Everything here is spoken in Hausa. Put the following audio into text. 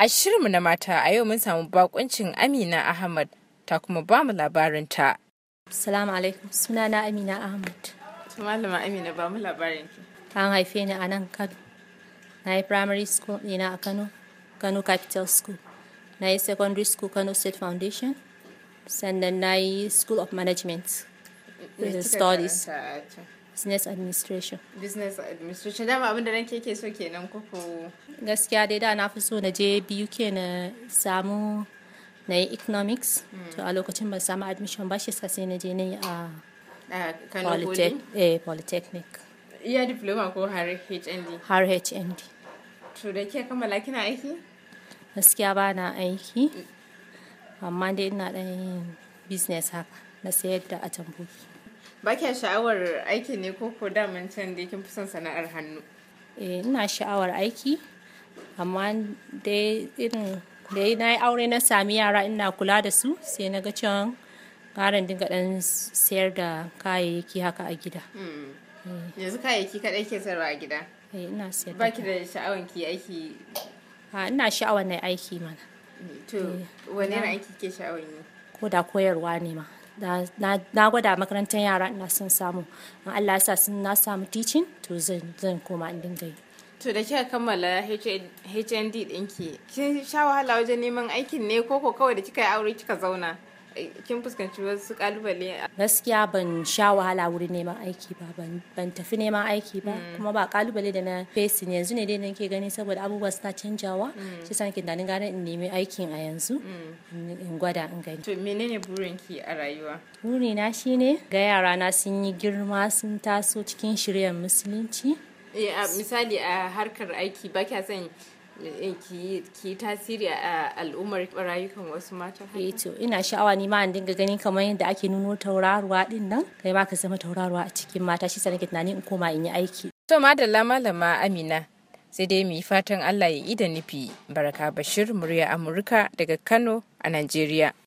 A shirinmu na mata a yau mun samu bakuncin Amina Ahmad ta kuma ba mu labarinta. Salamu alaikum na Amina Ahmad. Malama Amina ba mu labarin ta. An haife ni a nan Kano. Na yi primary school ɗina a Kano, Kano Capital School. Na yi secondary school Kano State Foundation. Sannan na yi School of Management. Studies. business administration business administration dama abin da ranke ke so kenan ko gaskiya dai da na fi so na je biyu ke na samu na yi economics hmm. to a lokacin ba samu admission ba shi sai na je na yi ah, a eh, polytechnic iya diploma ko har hnd har hnd to da ke kammala kina aiki gaskiya ba na aiki amma dai ina ɗan business haka na sayar da atamboki ba kya sha'awar aiki ne ko ko daman can da kin fi son sana'ar hannu eh ina sha'awar aiki amma dai irin na yi aure na sami yara ina kula da su sai na ga can karin dinga dan sayar da kayayyaki haka a gida hmm. eh. yanzu kayayyaki kaɗai ke sayarwa a gida eh, ina sayar ba ki da sha'awar ki aiki ah, ina sha'awar na aiki mana to eh, wani aiki ke sha'awar yi ko da koyarwa ne ma na gwada makarantar yara ina son samu in Allah ya sa sun na samu teaching to zan koma in dinga yi to da kika kammala HND dinki kin sha wahala wajen neman aikin ne ko ko kawai da kika yi aure kika zauna kin fuskanci wasu kalubale gaskiya ban sha wahala wurin neman aiki ba ban tafi neman aiki ba hmm. kuma ba kalubale da na ne yanzu ne dai nake gani saboda abubuwa suna canjawa hmm. shi sa nake danin gane in nemi aikin a yanzu hmm. in gwada in gani to menene ki a rayuwa buri na shine ga yara na sun yi girma sun taso cikin shirya musulunci eh, misali a harkar aiki ba kya son ki tasiri a al'ummar rayukan wasu mata eh to ina sha'awa ni ma dinga ganin kamar yadda ake nuno tauraruwa din nan kai ma ka zama tauraruwa a cikin mata shi sa nake in koma in yi aiki to madalla malama amina sai dai mu fatan Allah ya yi da nufi baraka bashir murya amurka daga kano a najeriya